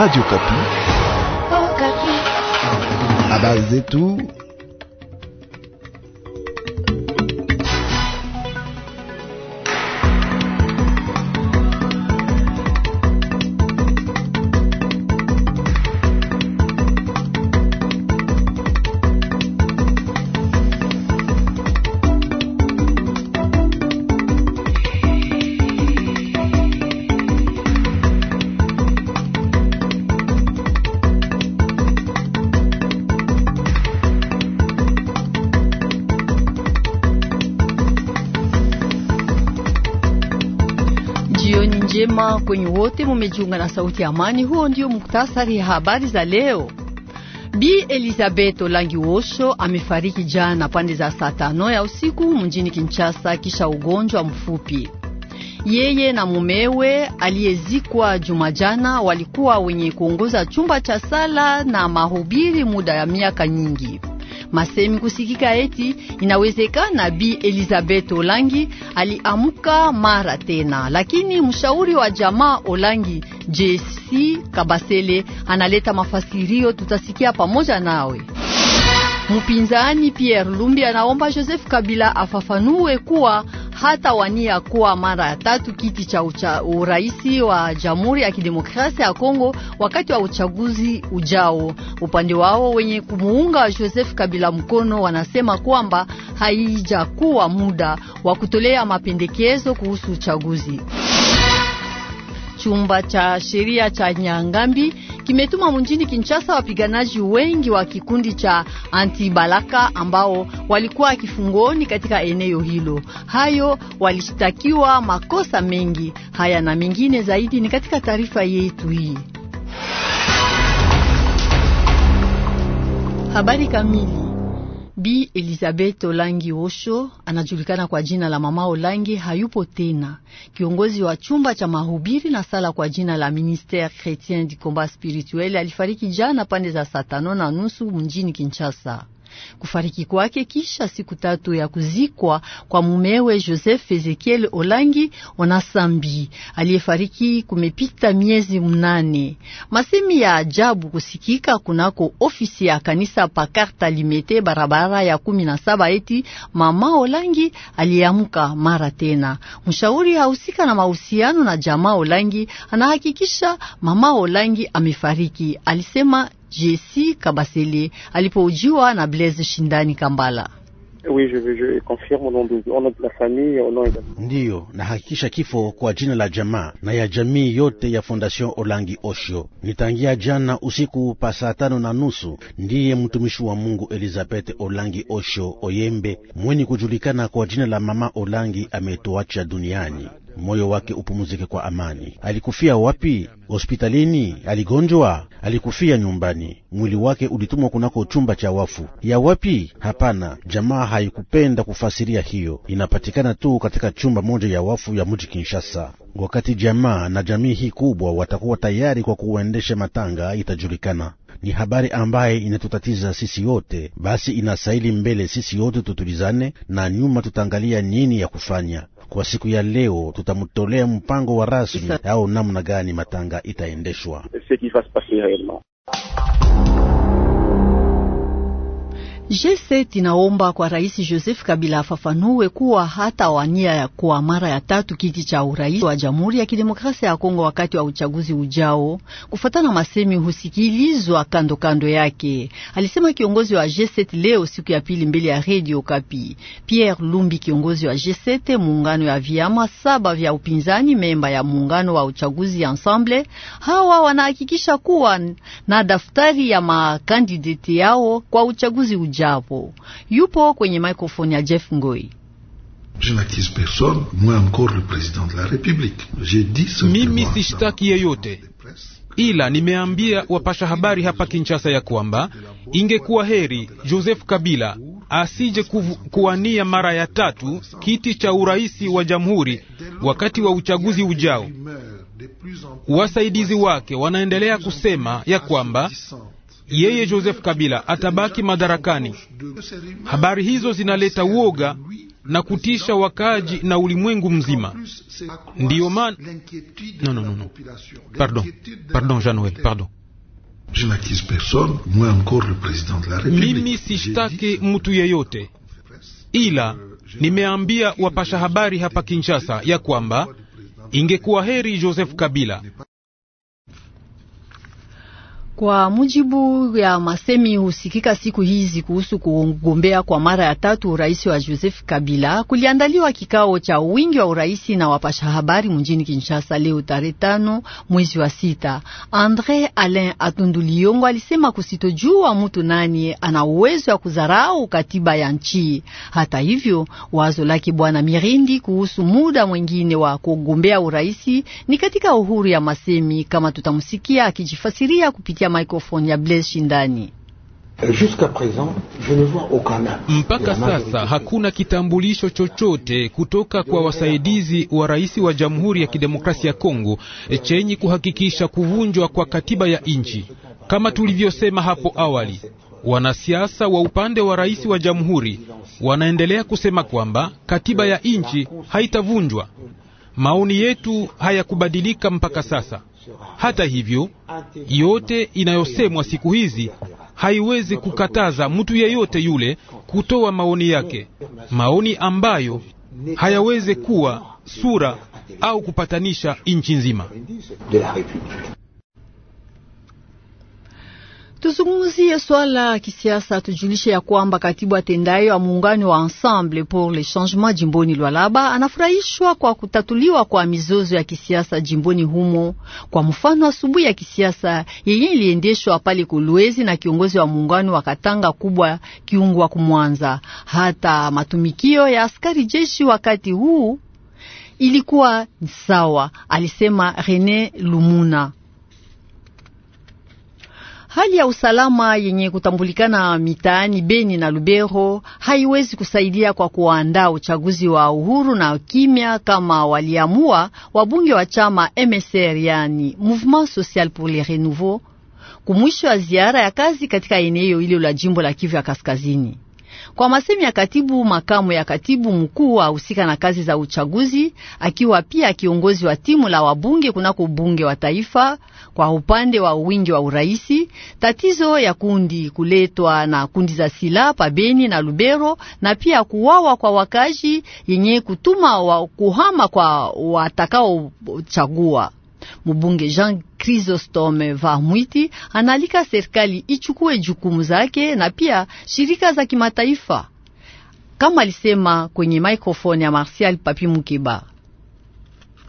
Radio oh, Kapi. Habari zetu njema kwenye wote mumejiunga na sauti ya amani. Huo ndio muktasari habari za leo. Bi Elizabeth Olangi Wosho amefariki jana pande za saa tano ya usiku mjini Kinshasa kisha ugonjwa mfupi. Yeye na mumewe aliyezikwa Jumajana walikuwa wenye kuongoza chumba cha sala na mahubiri muda ya miaka nyingi masemi kusikika eti inawezekana Bi Elizabeth Olangi aliamuka mara tena, lakini mshauri wa jamaa Olangi JC Kabasele analeta mafasirio, tutasikia pamoja nawe. Mpinzani Pierre Lumbi anaomba Joseph Kabila afafanue kuwa hata wania kuwa mara ya tatu kiti cha ucha, uraisi wa Jamhuri ya Kidemokrasia ya Kongo wakati wa uchaguzi ujao. Upande wao wenye kumuunga Joseph Kabila mkono wanasema kwamba haijakuwa muda wa kutolea mapendekezo kuhusu uchaguzi. Chumba cha sheria cha Nyangambi kimetuma mjini Kinshasa wapiganaji wengi wa kikundi cha Antibalaka ambao walikuwa kifungoni katika eneo hilo. Hayo walishtakiwa makosa mengi. Haya na mengine zaidi ni katika taarifa yetu hii. Habari kamili Bi Elizabeth Olangi Osho anajulikana kwa jina la Mama Olangi hayupo tena. Kiongozi wa chumba cha mahubiri na sala kwa jina la Ministere Chretien du Combat Spirituel alifariki jana pande za saa tano na nusu mjini Kinshasa. Kufariki kwake kisha siku tatu ya kuzikwa kwa mumewe Joseph Ezekiel Olangi Onasambi aliyefariki kumepita miezi mnane. Masemi ya ajabu kusikika kunako ofisi ya kanisa Pakarta Limete, barabara ya kumi na saba, eti mama Olangi aliamka mara tena. Mshauri hahusika na mahusiano na jamaa Olangi anahakikisha mama Olangi amefariki, alisema Jesse Kabasele alipoujiwa na Blaise Shindani Kambala. Oui, je, je confirme au nom de, au nom de la famille, au nom de... Ndiyo, nahakikisha kifo kwa jina la jamaa na ya jamii yote ya Fondation Olangi Osho. Nitangia jana usiku pa saa tano na nusu ndiye mtumishi wa Mungu Elizabeth Olangi Osho Oyembe mweni kujulikana kwa jina la Mama Olangi ametoacha duniani moyo wake upumuzike kwa amani. Alikufia wapi? Hospitalini? Aligonjwa? Alikufia nyumbani? Mwili wake ulitumwa kunako chumba cha wafu ya wapi? Hapana, jamaa haikupenda kufasiria hiyo. Inapatikana tu katika chumba moja ya wafu ya mji Kinshasa. Wakati jamaa na jamii hii kubwa watakuwa tayari kwa kuendesha matanga, itajulikana ni habari ambaye inatutatiza sisi yote. Basi inasaili mbele sisi yote tutulizane, na nyuma tutangalia nini ya kufanya. Kwa siku ya leo tutamutolea mpango wa rasmi au namna gani matanga itaendeshwa. G7 inaomba kwa Rais Joseph Kabila afafanue kuwa hata wania ya kuwa mara ya tatu kiti cha urais wa Jamhuri ya Kidemokrasia ya Kongo wakati wa uchaguzi ujao, kufuatana masemi husikilizwa kando kando yake, alisema kiongozi wa G7 leo siku ya pili mbele ya Radio Kapi. Pierre Lumbi, kiongozi wa G7, muungano ya vyama saba vya upinzani memba ya muungano wa uchaguzi Ensemble, hawa wanahakikisha kuwa na daftari ya makandideti yao kwa uchaguzi ujao japo yupo kwenye mikrofoni ya Jeff Ngoi. mimi sishtaki yeyote, ila nimeambia wapasha habari hapa Kinshasa ya kwamba ingekuwa heri Joseph Kabila asije kuwania mara ya tatu kiti cha urais wa jamhuri wakati wa uchaguzi ujao. Wasaidizi wake wanaendelea kusema ya kwamba yeye Joseph Kabila atabaki madarakani. Habari hizo zinaleta uoga na kutisha wakaji na ulimwengu mzima. Ndiyo man... no, no, no, no. Pardon, pardon Jean Noel, pardon. Je n'accuse personne, moi encore le président de la République. Mimi sishtaki mtu yeyote, ila nimeambia wapasha habari hapa Kinshasa ya kwamba ingekuwa heri Joseph Kabila kwa mujibu ya masemi husikika siku hizi kuhusu kugombea kwa mara ya tatu urais wa Joseph Kabila, kuliandaliwa kikao cha wingi wa urais na wapasha habari mjini Kinshasa leo tarehe tano mwezi wa sita. Andre Alain Atunduliongo alisema kusitojua mtu nani ana uwezo wa kudharau katiba ya nchi. Hata hivyo, wazo lake bwana Mirindi kuhusu muda mwingine wa kugombea urais ni katika uhuru ya masemi, kama tutamsikia akijifasiria kupitia ya mikrofoni ya Blaise Shindani. Mpaka sasa hakuna kitambulisho chochote kutoka kwa wasaidizi wa rais wa Jamhuri ya Kidemokrasia ya Kongo e, chenye kuhakikisha kuvunjwa kwa katiba ya nchi. Kama tulivyosema hapo awali, wanasiasa wa upande wa rais wa jamhuri wanaendelea kusema kwamba katiba ya nchi haitavunjwa. Maoni yetu hayakubadilika mpaka sasa. Hata hivyo, yote inayosemwa siku hizi haiwezi kukataza mtu yeyote yule kutoa maoni yake, maoni ambayo hayaweze kuwa sura au kupatanisha nchi nzima. Tuzungumzie swala ya kisiasa. Tujulishe ya kwamba katibu atendayo wa muungano wa Ensemble pour le Changement jimboni Lualaba anafurahishwa kwa kutatuliwa kwa mizozo ya kisiasa jimboni humo. Kwa mfano, asubuhi ya kisiasa yenye iliendeshwa pale Kolwezi na kiongozi wa muungano wa Katanga kubwa kiungwa kumwanza, hata matumikio ya askari jeshi wakati huu ilikuwa sawa, alisema Rene Lumuna. Hali ya usalama yenye kutambulikana mitaani Beni na Lubero haiwezi kusaidia kwa kuandaa uchaguzi wa uhuru na kimya kama waliamua wabunge wa chama MSR, yani Mouvement Social pour le Renouveau, kumwisho wa ziara ya kazi katika eneo hilo la jimbo la Kivu ya Kaskazini. Kwa masemi ya katibu makamu ya katibu mkuu wa husika na kazi za uchaguzi, akiwa pia kiongozi wa timu la wabunge kunako bunge wa taifa, kwa upande wa wingi wa uraisi, tatizo ya kundi kuletwa na kundi za silaha pabeni na Lubero na pia kuwawa kwa wakazi yenye kutuma wa kuhama kwa watakaochagua Mbunge Jean Chrysostome Vamwiti analika serikali ichukue jukumu zake na pia shirika za kimataifa, kama alisema kwenye maikrofoni ya Martial Papi Mukeba.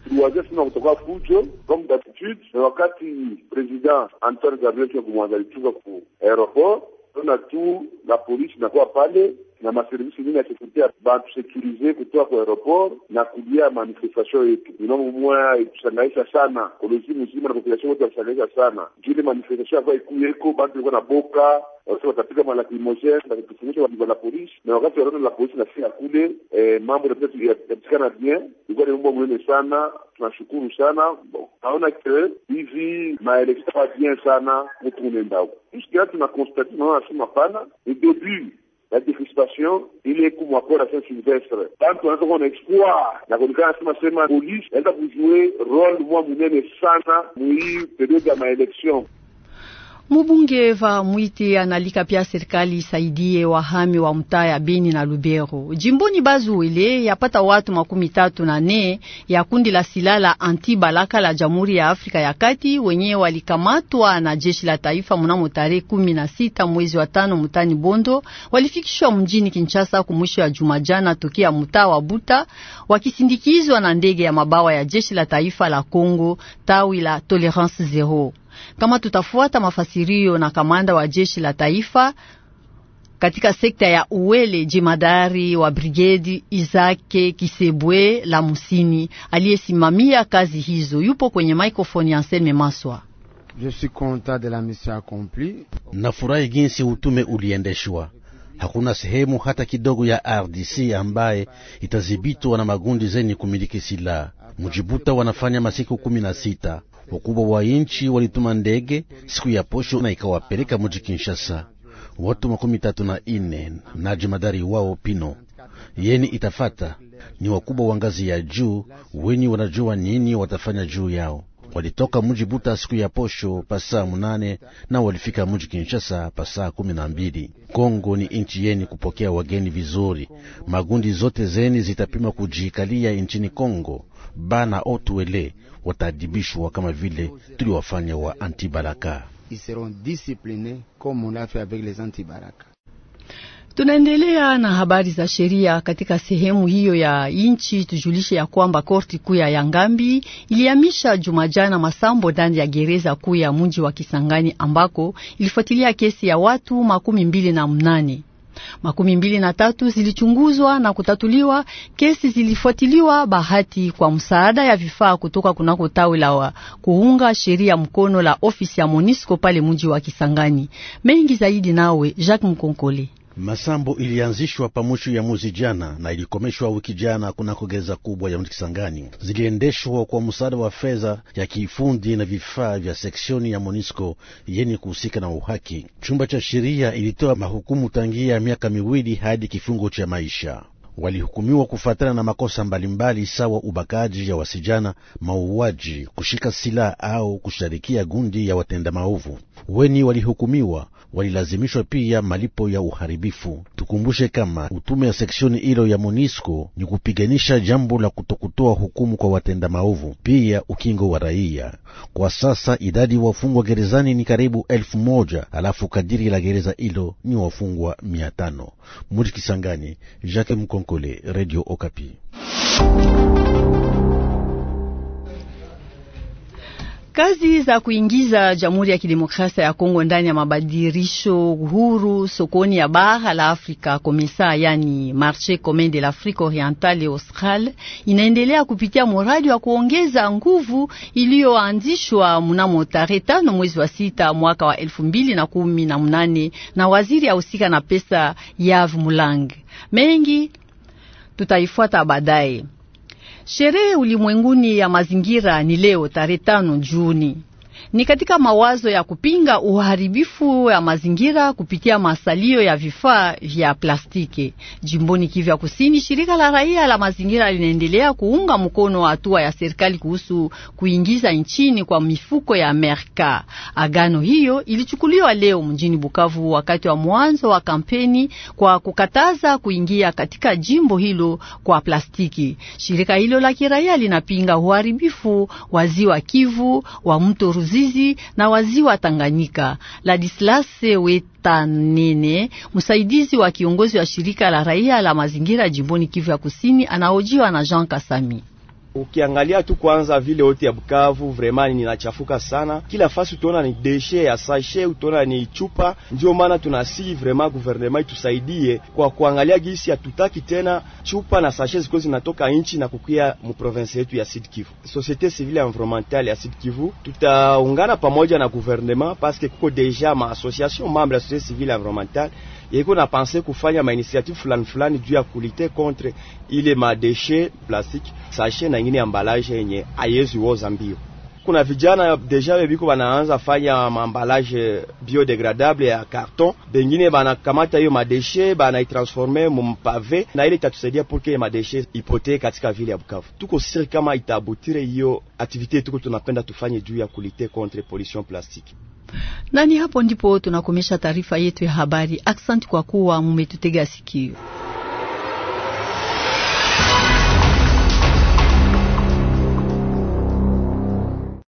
Tuliwazia sima kutoka fujo comme d'habitude, na wakati president Antoine Gabriel Kumwanza alitoka ku aeroport ona tu la polisi inakuwa pale na maservisi mingine ya bantu batusecurize kutoka kwa aeroport na kulia manifestation yetu inamomoya itusanganisha sana kolozi mzima na populasio yote yakusanganisha sana juu ile manifestation yakua ikuyeko bantu ilikuwa na boka wote watapiga malakrimogene na kutufunisha la polisi, na wakati wanaona la polisi nafika kule, eh, mambo yapatikana bien, ilikuwa ni mambo mwene sana. Tunashukuru sana, naona ke hivi maelekeo va bien sana mutu unendako jusqu'a tunakonstate naona nasema pana ni debut la decrispation ile kumwakora Saint Silvestre tantu wanaweza kuwa na espoir na kuonekana sema sema polisi inaweza kujue role mwa munene sana muhii periode ya maelection. Mubunge Eva mwiti analika pia serikali isaidie wahami wa mtaa ya Beni na Lubero jimboni Bazuwele, yapata watu makumi tatu na ne ya kundi la silaha la balaka la Jamhuri ya Afrika ya Kati wenye walikamatwa na jeshi la taifa mnamo tarehe kumi na sita mwezi wa tano mutani Bondo, walifikishwa mjini Kinshasa kumwisho ya Jumajana tokea mtaa wa Buta, wakisindikizwa na ndege ya mabawa ya jeshi la taifa la Kongo tawi la Tolerance Zero. Kama tutafuata mafasirio na kamanda wa jeshi la taifa katika sekta ya Uwele, jimadari wa brigedi Izake Kisebwe la Musini aliyesimamia kazi hizo yupo kwenye mikrofoni ya Nseme Maswa. Je suis content de la mission accomplie. Nafurahi jinsi utume uliendeshwa. Hakuna sehemu hata kidogo ya RDC ambaye itadhibitwa na magundi zenye kumiliki silaha. Mujibuta wanafanya masiku kumi na sita wakubwa wa inchi walituma ndege siku ya posho na ikawapeleka muji Kinshasa watu makumi tatu na ine na jemadari wao Pino yeni itafata ni wakubwa wa ngazi ya juu wenye wanajua nini watafanya juu yao. Walitoka muji Buta siku ya posho pasaa munane na walifika muji Kinshasa pasaa kumi na mbili. Kongo ni inchi yeni kupokea wageni vizuri. Magundi zote zeni zitapima kujiikalia inchini Kongo bana otu wele wataadibishwa kama vile tuliwafanya wa Antibaraka. Tunaendelea na habari za sheria katika sehemu hiyo ya nchi Tujulishe ya kwamba korti kuu ya Yangambi iliamisha jumajana masambo ndani ya gereza kuu ya mji wa Kisangani ambako ilifuatilia kesi ya watu makumi mbili na mnane makumi mbili na tatu zilichunguzwa na kutatuliwa, kesi zilifuatiliwa bahati kwa msaada ya vifaa kutoka kunako tawi la kuunga sheria mkono la ofisi ya Monisco pale mji wa Kisangani. Mengi zaidi nawe Jacques Mkonkole. Masambo ilianzishwa pamwisho ya mwezi jana na ilikomeshwa wiki jana kunako gereza kubwa ya Kisangani. Ziliendeshwa kwa msaada wa fedha ya kiufundi na vifaa vya seksioni ya Monisco yenye kuhusika na uhaki. Chumba cha sheria ilitoa mahukumu tangia miaka miwili hadi kifungo cha maisha walihukumiwa kufuatana na makosa mbalimbali sawa ubakaji ya wasijana, mauaji, kushika silaha au kushirikia gundi ya watenda maovu. Weni walihukumiwa walilazimishwa pia malipo ya uharibifu. Tukumbushe kama utume ya seksioni hilo ya Monisco ni kupiganisha jambo la kutokutoa hukumu kwa watenda maovu, pia ukingo wa raia. Kwa sasa idadi wafungwa gerezani ni karibu elfu moja alafu kadiri la gereza hilo ni wafungwa mia tano. Muri Kisangani, Jacques Mkonkole, Radio Okapi. Kazi za kuingiza Jamhuri ya Kidemokrasia ya Kongo ndani ya mabadilisho huru sokoni ya bara la Afrika Komesa, yani Marche Commun de l'Afrique Orientale et Australe inaendelea kupitia mradi wa kuongeza nguvu iliyoanzishwa mnamo tarehe tano mwezi wa sita mwaka wa elfu mbili na kumi na mnane na waziri ahusika na pesa Yav Mulang. Mengi tutaifuata baadaye. Sherehe ulimwenguni ya mazingira ni leo tarehe tano Juni ni katika mawazo ya kupinga uharibifu wa mazingira kupitia masalio ya vifaa vya plastiki jimboni Kivu ya Kusini. Shirika la raia la mazingira linaendelea kuunga mkono wa hatua ya serikali kuhusu kuingiza nchini kwa mifuko ya merka. Agano hiyo ilichukuliwa leo mjini Bukavu wakati wa mwanzo wa kampeni kwa kukataza kuingia katika jimbo hilo kwa plastiki. Shirika hilo la kiraia linapinga uharibifu wa ziwa Kivu wa mto Ruzizi na waziwa Tanganyika. Ladislase Wetanene, msaidizi wa kiongozi wa shirika la raia la mazingira jimboni Kivu ya Kusini, anahojiwa na Jean Kasami. Ukiangalia tu kwanza vile yote ya Bukavu vraiment ninachafuka sana, kila fasi utaona ni deshe ya sashe, utaona ni chupa. Ndio maana tunasii vraiment gouvernement itusaidie kwa kuangalia gisi, hatutaki tena chupa na sashe ziko zinatoka nchi na kukia mu province yetu ya Sud Kivu. Societe civile environnementale ya Sud Kivu tutaungana pamoja na gouvernement, parce que kuko deja ma association membre ya societe civile environnementale iko na pense kufanya mainitiative fulani fulani juu ya kulite contre ile madeshe plastiki sashe na ingine ambalaje yenye ayezi woza mbio. Kuna vijana deja bebiko banaanza fanya mambalaje euh, biodegradable ya karton, bengine banakamata hiyo madeshe banaitransforme mumpave, na ile itatusaidia purke madeshe ipotee katika vile ya Bukavu. Tuko siri kama itabutire hiyo aktivite tuko tunapenda tufanye juu ya kulite contre pollution plastique. Nani hapo ndipo tunakomesha taarifa yetu ya habari. Aksanti kwa kuwa mumetutega sikio.